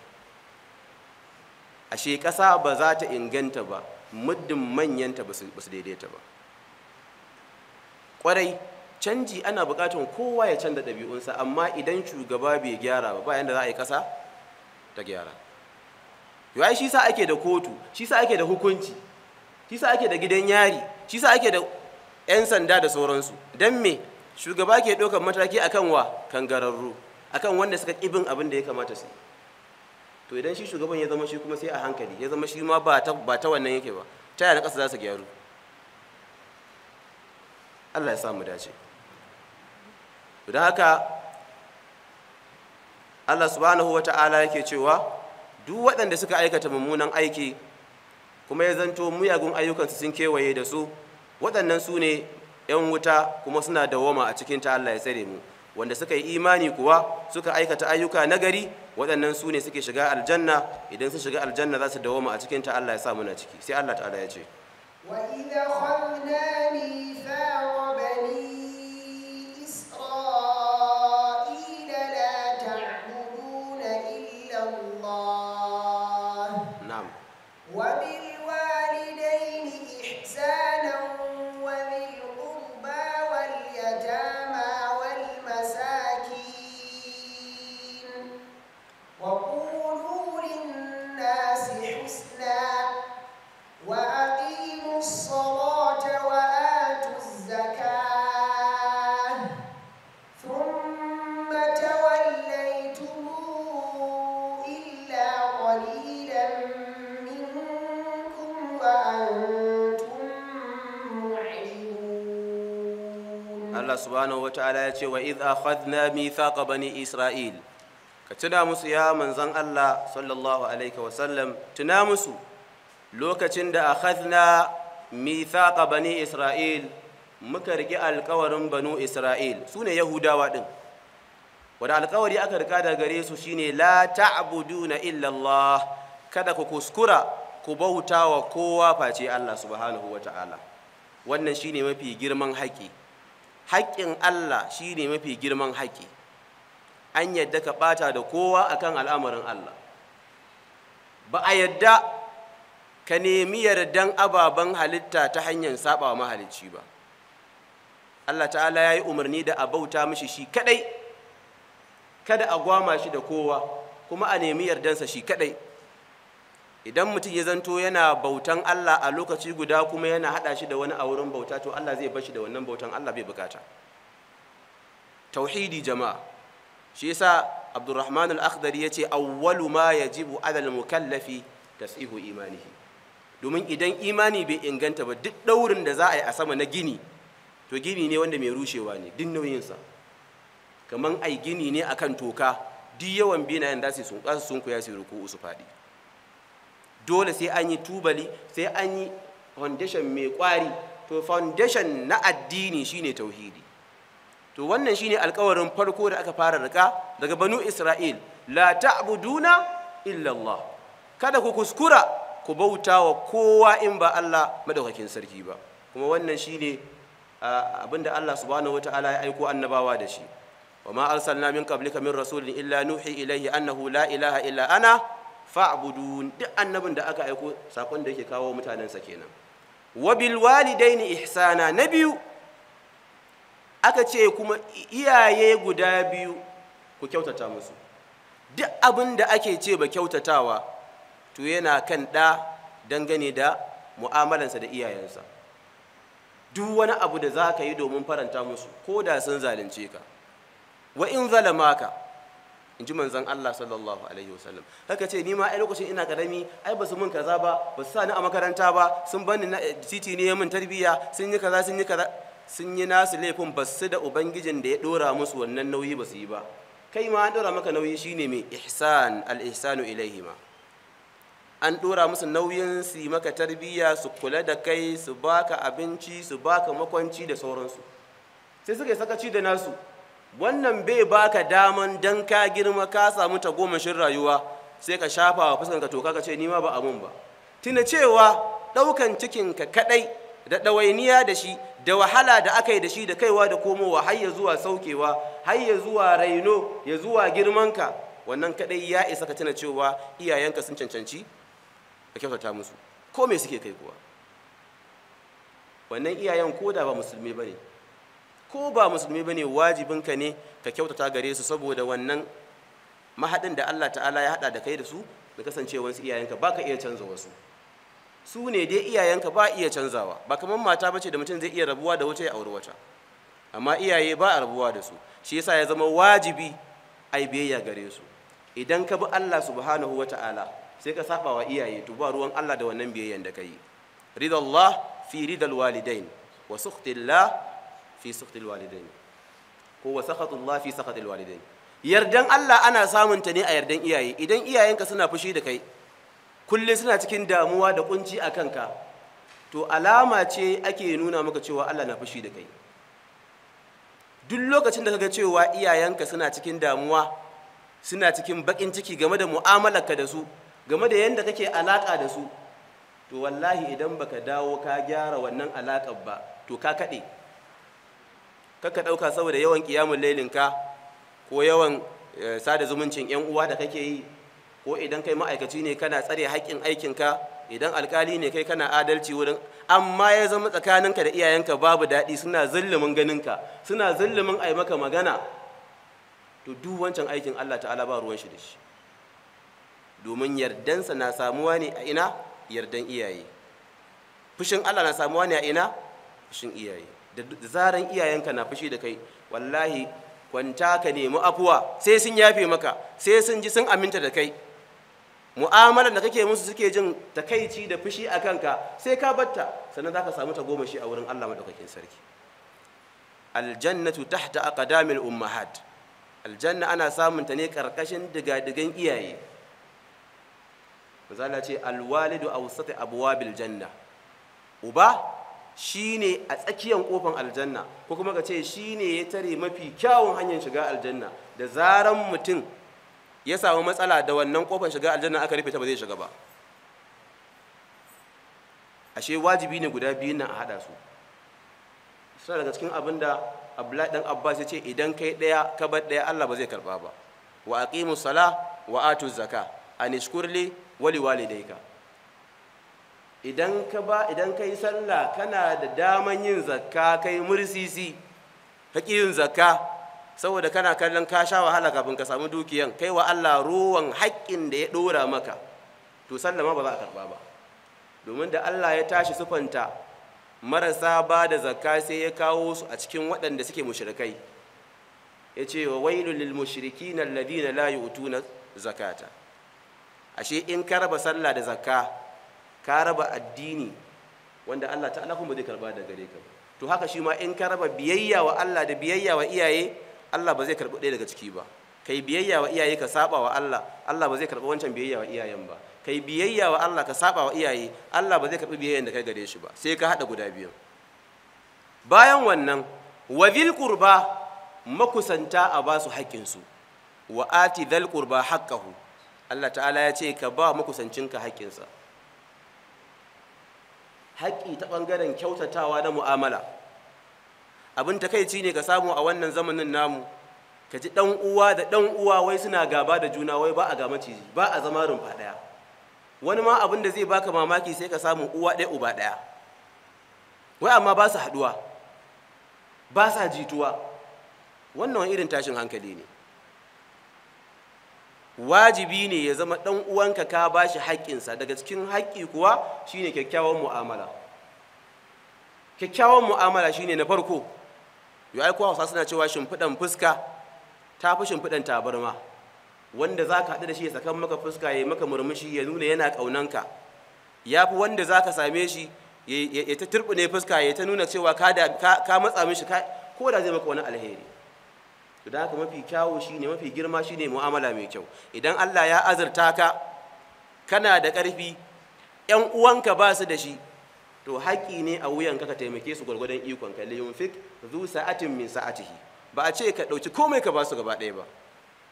ashe ƙasa ba za ta inganta ba muddin manyanta ba su daidaita ba kwarai canji ana bukatan kowa ya canza ɗabi'unsa amma idan shugaba bai gyara ba bayan da za a yi ƙasa ta gyara yawai shi sa ake da kotu shi sa ake da hukunci shi sa ake da gidan yari shi sa ake da 'yan sanda da sauransu don me shugaba ke ɗaukar mataki akan wa kangararru akan wanda suka ƙibin abin da ya kamata su yi to idan shi shugaban ya zama shi kuma sai a hankali ya zama shi ma ba ta wannan yake ba ta yana ƙasa za su gyaru allah ya samu dace don haka allah subhanahu wa ta'ala yake cewa duk waɗanda suka aikata mummunan aiki kuma ya zanto muyagun ayyukansu sun kewaye da su waɗannan su ne 'yan wuta kuma suna dawoma a cikin ta allah ya tsare mu wanda suka yi imani kuwa suka aikata ayyuka nagari waɗannan su ne suke shiga aljanna idan sun shiga aljanna za su dawoma a cikin ta Allah ya sa muna ciki sai Allah ta'ala ya ce wa idha khalna mithaqa subhanahu wataala ya ce wa iz akhadna mithaqa bani isra'il ka tuna musu ya manzon Allah sallallahu alaihi wa sallam tuna musu lokacin da akhadna mithaqa bani isra'il muka rike alkawarin banu isra'il sune yahudawa din wanda alkawari aka rika da gare su shine la ta'buduna illa Allah kada ku kuskura ku bautawa kowa face Allah subhanahu wataala wannan shine mafi girman haƙƙi. haƙƙin Allah shi ne mafi girman haƙƙi an yadda ka ɓata da kowa akan al'amarin Allah ba a yadda ka nemi yardan ababen halitta ta hanyar wa mahalicci ba Allah ta'ala ya yi umarni da a bauta mishi shi kaɗai kada a gwama shi da kowa kuma a nemi yardansa shi kaɗai idan mutum ya zanto yana bautan Allah a lokaci guda kuma yana hada shi da wani a wurin bauta to Allah zai bashi da wannan bautan Allah bai bukata tauhidi jama'a shi yasa Abdurrahman al-Akhdari yace awwalu ma yajibu al mukallafi tasihu imanihi domin idan imani bai inganta ba duk daurin da za a yi a sama na gini to gini ne wanda mai rushewa ne duk nauyinsa kamar ai gini ne akan toka duk yawan binayen da su sun kuya su ruku su faɗi dole sai an yi tubali sai an yi foundation mai kwari to foundation na addini shine tauhidi to wannan shine alkawarin farko da aka fara rika daga banu isra'il la ta'buduna illa Allah kada ku kuskura ku bauta wa kowa in ba Allah madaukakin sarki ba kuma wannan shine abinda Allah subhanahu wataala ya aiko annabawa da shi wa ma arsalna min qablika min rasulin illa nuhi ilayhi annahu la ilaha illa ana fa'budun duk annabin da aka aiko sakon da yake kawo mutanen mutanensa kenan wa bil walidaini ihsana na biyu aka ce kuma iyaye guda biyu ku kyautata musu duk abin da ake ce ba kyautatawa to yana kan ɗa dangane da mu'amalansa da iyayensa duk wani abu da za ka yi domin faranta musu ko da sun zalunce ka wa in zalama ka in ji manzon Allah sallallahu alaihi wasallam haka ce ni ma ai lokacin ina karami ai ba su mun kaza ba ba su sa ni a makaranta ba sun bani na eh, titi ne mun tarbiyya sun yi kaza sun yi kaza sun yi nasu laifin ba su da ubangijin da ya dora musu wannan nauyi ba su yi ba kai ma an dora maka nauyi shine mai ihsan al ihsanu ilaihima an dora musu nauyin su maka tarbiyya su kula da kai su baka abinci su baka makwanci da sauransu sai suka yi sakaci da nasu wannan bai baka daman dan ka girma ka samu tagomashin rayuwa sai ka shafa wa fuskanka to ka ce ni ma ba mun ba tuna cewa ɗaukan cikinka kaɗai da ɗawainiya da shi da wahala da aka yi da shi da kaiwa da komowa har ya zuwa saukewa har ya zuwa raino ya zuwa girmanka wannan kaɗai ya isa ka tuna cewa iyayenka sun cancanci ka kyautata musu ko me suke kai kuwa wannan iyayen ko da ba musulmi ba ne ko ba musulmi bane ka ne ka kyautata gare su saboda wannan mahadin da Allah ta'ala ya hada da kai da su da su iyayenka ba ka iya canza wasu su ne dai iyayenka ba iya canzawa ba kamar mata bace da mutum zai iya rabuwa da wata ya auri wata amma iyaye ba a rabuwa da su shi yasa ya zama wajibi ai biyayya gare su idan ka bi Allah subhanahu ta'ala, sai ka saba wa iyaye to ba ruwan Allah da wannan biyayyan da kai ridallah fi ridal walidain wa sukhtillah fi sukhtil walidain ko wa sakhatullah fi sakhatil walidain yardan Allah ana samunta ne a yardan iyaye idan iyayenka suna fushi da kai kullum suna cikin damuwa da kunci akan ka to alama ce ake nuna maka cewa Allah na fushi da kai duk lokacin da kaga cewa iyayenka suna cikin damuwa suna cikin bakin ciki game da mu'amalarka da su game da yadda kake alaka da su to wallahi idan baka dawo ka gyara wannan alakar ba to ka kaɗe kakka ɗauka saboda yawan ƙiyamun lailinka ko yawan eh, sada zumuncin 'yan uwa da kake yi ko idan kai ma'aikaci ne kana tsare haƙƙin aikinka idan alkali ne kai kana adalci wurin amma ya zama tsakaninka da iyayenka babu daɗi suna zullumin ganinka suna zullumin ai maka magana to duk wancan aikin Allah ta'ala ba ruwan shi da shi domin yardansa na samuwa ne a ina yardan iyaye fushin Allah na samuwa ne a ina fushin iyaye da zaran iyayenka na fushi da kai wallahi kwanta ka nemi afuwa sai sun yafe maka sai sun ji sun aminta da kai mu'amalar da kake musu suke jin takaici da fushi a kanka sai ka batta sannan za ka samu tagomashi a wurin allah maɗaukakin sarki aljannatu tahta aqdamil ummahat aljanna ana samun ta ne karkashin digadigan iyaye misali ce alwalidu awsati abwabil janna uba shine a tsakiyar kofan aljanna ko kuma ka ce shi ne ya tare mafi kyawun hanyar shiga aljanna da zaran mutum ya samu matsala da wannan kofar shiga aljanna aka rufe ta ba zai shiga ba ashe wajibi ne guda biyun nan a hada su suna daga cikin abin da abdullahi dan abbas ya ce idan kai daya ka bar daya allah ba zai karba ba wa aqimus sala wa atuz zaka anishkurli wali walidayka idan ka ba idan ka yi sallah kana da daman yin zakka kai mursisi haƙi yin zakka saboda kana kallon ka sha wahala kafin ka samu dukiyan kai wa Allah ruwan haƙƙin da ya ɗora maka to sallah ma ba za a karɓa ba domin da Allah ya tashi sufanta marasa ba da zakka sai ya kawo su a cikin waɗanda suke mushrikai ya ce wa wailul lil mushrikin alladhina la yu'tuna zakata ashe in ka raba sallah da zakka ka raba addini wanda Allah ta'ala kuma zai karba da gare ka to haka shi ma in ka raba biyayya wa Allah da biyayya wa iyaye Allah ba zai karbi ɗaya daga ciki ba kai biyayya wa iyaye ka saba wa Allah Allah ba zai karbi wancan biyayya wa iyayen ba kai biyayya wa Allah ka saba wa iyaye Allah ba zai karbi biyayyan da kai gare shi ba sai ka hada guda biyu bayan wannan wa dhil qurba makusanta a ba su haƙƙin su wa ati dhal qurba haqqahu Allah ta'ala ya ce ka ba makusancinka haƙƙinsa haƙƙi ta ɓangaren kyautatawa na mu'amala abin takaici ne ka samu a wannan zamanin namu ka ji ɗan uwa da ɗan uwa wai suna gaba da juna wai ba a ga maciji ba a zama rumfa ɗaya wani ma abin da zai baka mamaki sai ka samu uwa ɗaya uba ɗaya wai amma ba su haɗuwa ba sa jituwa wannan irin tashin hankali ne wajibi ne ya zama ɗan uwanka ka ba shi haƙƙinsa daga cikin haƙƙi kuwa shine kyakkyawan mu'amala kyakkyawan mu'amala shine na farko yau ai kowa suna cewa shimfiɗan fuska ta fi shimfiɗan tabarma wanda za ka haɗu da shi ya sakan maka fuska ya yi maka murmushi ya nuna yana ƙaunanka ya fi wanda za ka same shi ya ta turɓune fuska ya ta nuna cewa ka matsa mishi ko da zai maka wani alheri to da haka mafi kyawo shine mafi girma shine mu'amala mai kyau idan Allah ya azurta ka kana da ƙarfi ‘yan uwanka ba su da shi to haƙƙi ne a wuyanka ka ka taimake su gwargwadon ikon ka liyunfik zu sa'atin min sa'atihi ba a ce ka ɗauki komai ka ba su gaba ɗaya ba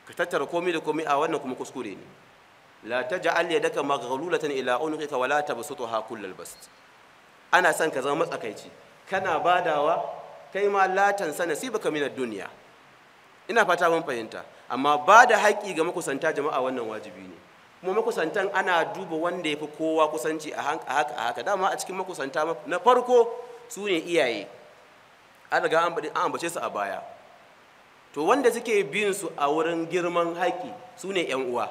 ka tattara komai da komai a wannan kuma kuskure ne la taj'al yadaka maghlulatan ila unqika wala tabsutha kullal bast ana son ka zama matsakaici kana badawa kai ma latan sana sibaka min ad dunya ina fata mun fahimta amma ba da haƙƙi ga makusanta jama'a wannan wajibi ne kuma makusantan ana duba wanda ya fi kowa kusanci a haka a haka dama a cikin makusanta na farko su ne iyaye an riga an ambace su a baya to wanda suke bin su a wurin girman haƙƙi su ne ‘yan uwa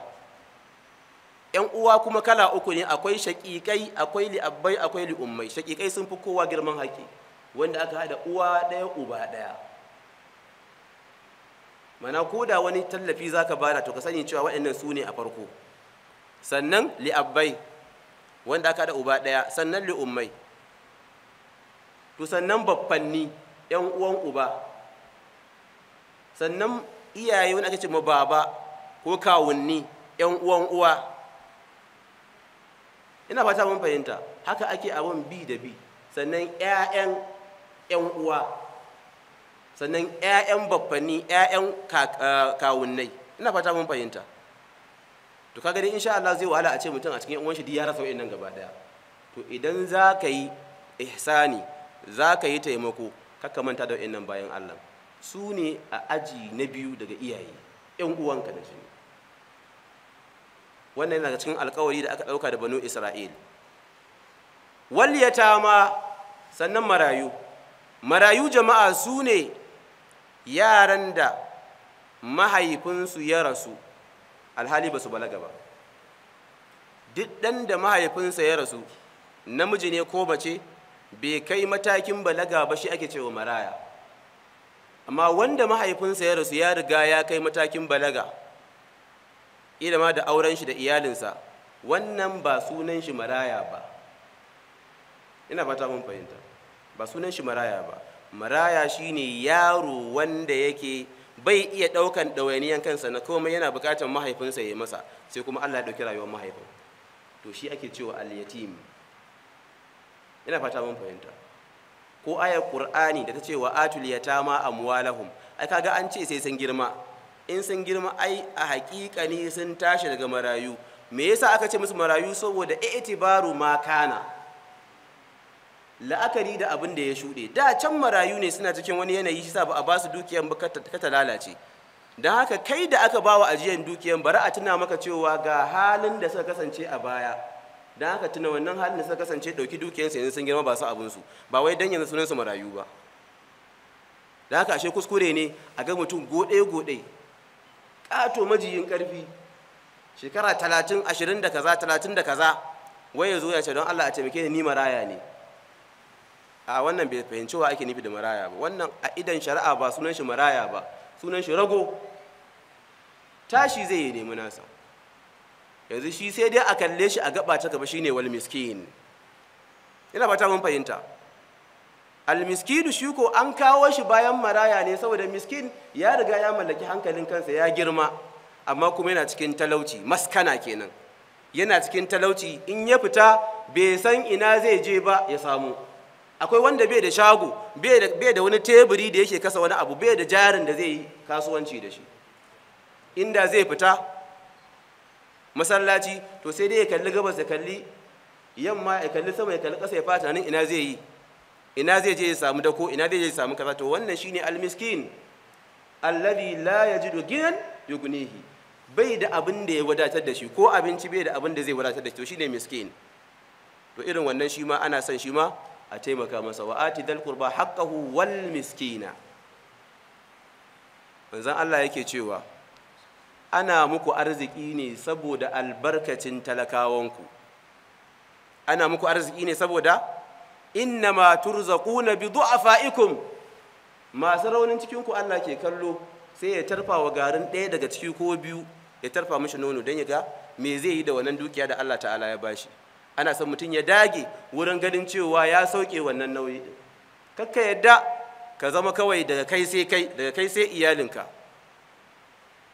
‘yan uwa kuma kala uku ne akwai shaƙiƙai akwai li'abbai akwai li'ummai shaƙiƙai sun fi kowa girman haƙƙi wanda aka haɗa uwa ɗaya uba ɗaya mana ko da wani tallafi za zaka bada to ka sani cewa waɗannan su ne a farko sannan li abbai wanda aka da uba ɗaya sannan li ummai to sannan baffanni yan uwan uba sannan iyaye wani aka ce ma baba ko kawunni yan uwan uwa ina fata mun fahimta haka ake abin bi da bi sannan 'ya'yan 'yan uwa sannan 'ya'yan baffanni 'ya'yan eh, kawunnai ina fata mun fahimta to kaga dai insha Allah zai wahala a ce mutum a cikin yan uwanshi ya rasa nan gaba daya to idan za ka yi ihsani za ka yi taimako kaka manta da nan bayan Allah su ne a aji na biyu daga iyaye yan uwanka na jini wannan daga cikin alkawari da aka ɗauka da banu Isra'il wal ma sannan marayu marayu jama'a su ne yaran da mahaifinsu ya rasu alhali ba su balaga ba duk ɗan da mahaifinsa ya rasu namiji ne ko bace bai kai matakin balaga ba shi ake cewa maraya amma wanda mahaifinsa ya rasu ya riga ya kai matakin balaga ma da auren shi da iyalinsa wannan ba sunan shi maraya ba ina fata mun fahimta ba sunan shi maraya ba maraya shine yaro wanda yake bai iya daukan ɗawainiyan kansa na komai yana bukatar mahaifinsa ya masa sai kuma Allah ya ɗauki rayuwar mahaifin to shi ake cewa al-yatim ina fata mun fahimta ko ayar qur'ani da ta ce wa atul yatama amwalahum ai kaga an ce sai sun girma in sun girma ai a haƙiƙa ne sun tashi daga marayu me yasa aka ce musu marayu saboda i'tibaru ma kana la'akari da abin da ya shuɗe da can marayu ne suna cikin wani yanayi shi ba a ba su dukiyan ba ta lalace don haka kai da aka bawa ajiyar dukiyan bara a tuna maka cewa ga halin da suka kasance a baya don haka tuna wannan halin da suka kasance ɗauki dukiyansu yanzu sun girma ba su abinsu ba wai don yanzu sunansu marayu ba don haka ashe kuskure ne a ga mutum goɗe-goɗe ƙato majiyin ƙarfi shekara talatin ashirin da kaza talatin da kaza wai ya zo ya ce don allah a taimake ni maraya ne a wannan bai fahimci wa ake nufi da maraya ba wannan a idan shari'a ba sunan shi maraya ba sunan shi rago tashi zai yi nemi nasa yanzu shi sai dai a kalle shi a gaba ta gaba shine wal miskin Yana ba ta mun fahimta al miskinu shi ko an kawo shi bayan maraya ne saboda miskin ya riga ya mallaki hankalin kansa ya girma amma kuma yana cikin talauci maskana kenan yana cikin talauci in ya fita bai san ina zai je ba ya samu akwai wanda bai da shago bai da wani teburi da yake kasa wani abu bai da jarin da zai yi kasuwanci da shi inda zai fita masallaci to sai dai ya kalli gabas ya kalli yamma ya kalli sama ya kalli kasa ya fata nan ina zai yi ina zai je ya samu dako ina zai je ya samu kaza to wannan shine almiskin alladhi la yajidu ginan yugnihi bai da abin da ya wadatar da shi ko abinci bai da abin da zai wadatar da shi to shine miskin to irin wannan shi ma ana son shi ma a taimaka masa wa ati dal kurba haƙahu wal miskina manzan Allah yake cewa ana muku arziki ne saboda albarkacin talakawanku ana muku arziki ne saboda inna innama turzaquna bi du'afaikum masu raunin cikinku Allah ke kallo sai ya tarfa wa garin ɗaya daga ciki ko biyu ya tarfa mishi nono don ya ga me zai yi da wannan dukiya da Allah ta'ala ya bashi ana san mutum ya dage wurin ganin cewa ya sauke wannan nauyi din kakka yadda ka zama kawai daga kai sai kai daga kai sai iyalinka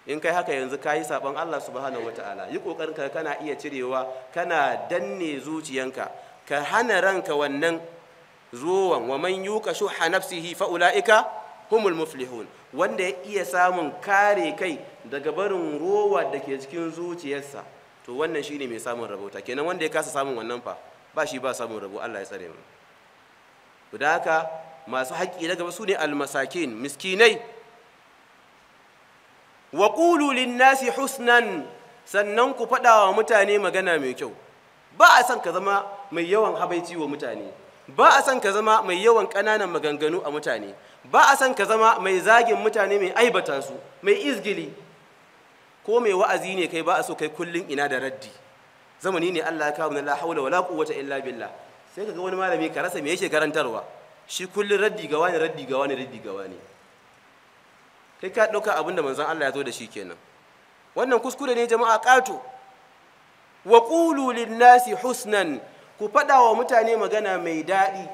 in kai haka yanzu ka yi saɓon allah subhanahu wataala yi kokarin ka kana iya cirewa kana danne zuciyanka ka hana ranka wannan zuwan wa man yuka shuha nafsihi fa ulaika humul muflihun wanda ya iya samun kare kai daga barin rowa da ke cikin zuciyarsa to wannan shine mai samun ta, kenan wanda ya kasa samun wannan fa ba shi ba samun rabo Allah ya tsare mu to haka masu haƙƙi na gaba su ne almasakin miskinai wa qulu nasi husnan sannan ku faɗa wa mutane magana mai kyau ba a son ka zama mai yawan habaici wa mutane ba a son ka zama mai yawan ƙananan maganganu a mutane ba a son ka zama mai zagin mutane mai aibata su mai izgili ko mai wa'azi ne kai ba a so kai kullum ina da raddi zamani ne Allah ya kawo la haula wala quwwata illa billah sai kaga wani malami ka rasa me yake karantarwa shi kullun raddi ga wani raddi ga wani raddi ga wani kai ka dauka abinda manzon Allah ya zo da shi kenan wannan kuskure ne jama'a kato wa qulu lin-nasi husnan ku fada wa mutane magana mai daɗi.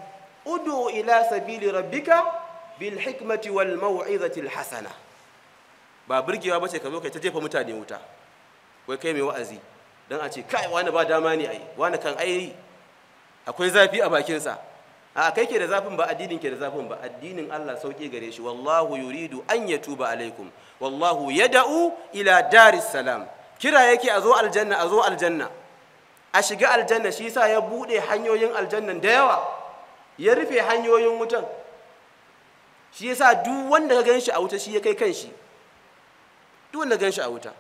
udu ila sabili rabbika bil hikmati wal mau'izatil hasana ba birgewa ba ce ka zo kai ta jefa mutane wuta wai kai mai wa'azi don a ce kai wani ba dama ne ai wani kan ai akwai zafi a bakinsa a kai ke da zafin ba addinin ke da zafin ba addinin Allah sauki gare shi wallahu yuridu an tuba alaikum wallahu da'u ila daris salam kira yake a zo aljanna a zo aljanna a shiga aljanna shi sa ya bude hanyoyin aljannan da yawa ya rufe hanyoyin wutan shi yasa duk wanda ka gan shi a wuta shi ya kai kanshi. duk wanda gan shi a wuta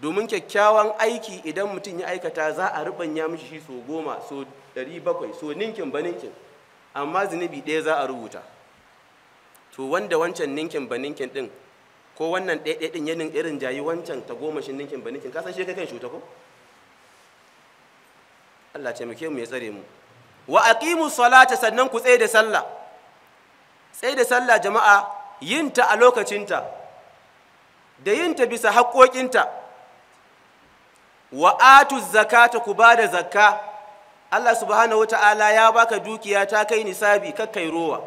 domin kyakkyawan aiki idan mutum ya aikata za a ya mishi shi so goma so ɗari bakwai so ninkin ba ninkin amma zunubi ɗaya za a rubuta to wanda wancan ninkin ba ninkin ɗin ko wannan ɗaya ɗin yanin irin jayi wancan ta goma shi ninkin ba ninkin kasan shi kai kan shuta ko Allah taimake mu ya tsare mu wa aqimu salata sannan ku tsaye da sallah tsaye da sallah jama'a yinta a lokacinta da yin ta bisa haƙoƙinta wa atu zakata ku ba da zakka Allah subhanahu wata'ala ya baka dukiya ta kai nisabi kakkai rowa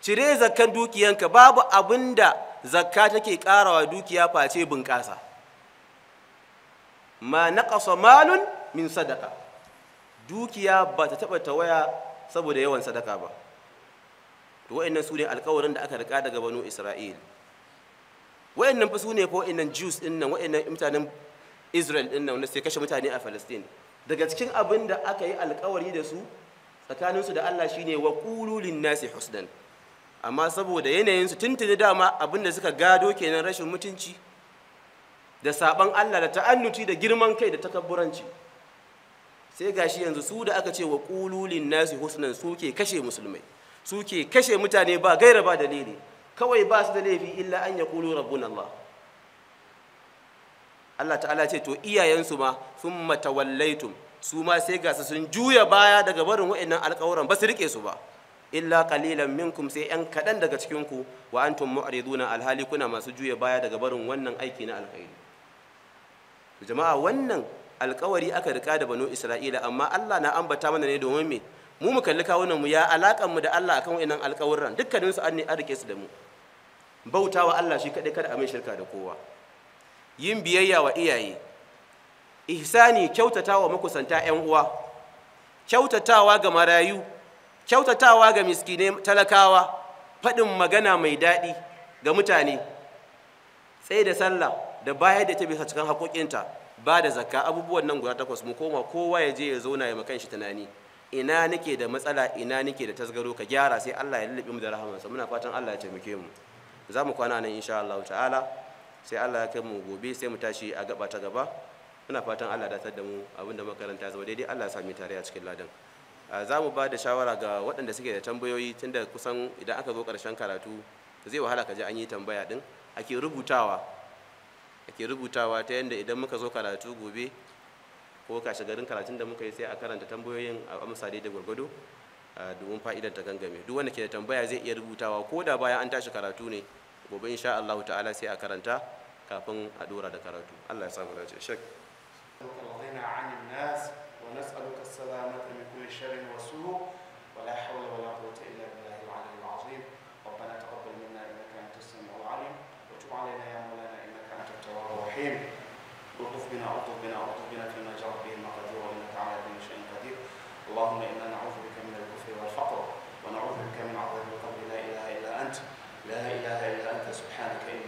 cire zakkan dukiyanka babu abinda zakka take ƙarawa dukiya face bunƙasa ma naqasa malun min sadaka dukiya ba ta taɓa tawaya saboda yawan sadaka ba to wa'annan su ne alƙawarin da aka rika daga banu israila wa'annan fa su ne fa wa'annan jews din wa'annan mutanen israel din nan sai kashe mutane a palestine daga cikin abin da aka yi alkawari da su tsakaninsu da allah shine wa kululin nasi husdan amma saboda yanayin yanayinsu tuntuni dama abin da suka gado kenan rashin mutunci da saban allah da ta'annuti da girman kai da takabburanci sai gashi yanzu su da aka ce wa kululin nasi su suke kashe musulmai suke kashe mutane ba gaira ba dalili kawai ba su da laifi illa an ya kulu rabbun Allah Allah ta'ala ce to iyayensu ma sun matawallaitum su ma sai ga su sun juya baya daga barin wa'annan alƙawuran ba su rike su ba illa qalilan minkum sai yan kaɗan daga cikin ku wa antum mu'riduna alhali kuna masu juya baya daga barin wannan aiki na alkhairi jama'a wannan alƙawari aka rika da banu isra'ila amma Allah na ambata mana ne domin me mu mu kalli kawunan mu ya alakan mu da Allah akan wa'annan alƙawurran dukkanin su an ne arke su da mu bautawa Allah shi kadai kada a mai shirka da kowa yin biyayya wa iyaye ihsani kyautatawa makusanta ƴan uwa kyautatawa ga marayu kyautatawa ga miskine talakawa faɗin magana mai daɗi ga mutane Sai da sallah da bayar da ta bisa cikin haƙoƙinta ba da zakka abubuwan nan guda takwas mu koma kowa ya je ya zauna ya makan shi tunani ina nake da matsala ina nake da tasgaro ka gyara sai Allah ya lullube mu da rahamansa muna fatan Allah ya taimake mu za mu kwana nan insha Allah ta'ala sai Allah ya kai mu gobe sai mu tashi a gaba ta gaba muna fatan Allah ya datar da mu abinda makaranta zama daidai Allah ya sami tare a cikin ladan za mu ba da shawara ga waɗanda suke da tambayoyi tun da kusan idan aka zo ƙarshen karatu zai wahala ka ji an yi tambaya din ake rubutawa ake rubutawa ta yadda idan muka zo karatu gobe ko kashe garin karatun da muka yi sai a karanta tambayoyin a amsa da gwargwado domin fa'idan ta gangame duk wanda ke da tambaya zai iya rubutawa ko da bayan an tashi karatu ne gobe insha Allah ta'ala sai a karanta kafin a dora da karatu Allah ya samu dace shek رضينا عن الناس ونسألك السلامة من كل شر وسوء ولا حول ولا قوة إلا بالله العلي العظيم ربنا تقبل منا إنك أنت السميع العليم وتب علينا يا مولانا إنك أنت التواب الرحيم وقف بنا وقف بنا اللهم إنا نعوذ بك من الكفر والفقر ونعوذ بك من عذاب القبر لا إله إلا أنت لا إله إلا أنت سبحانك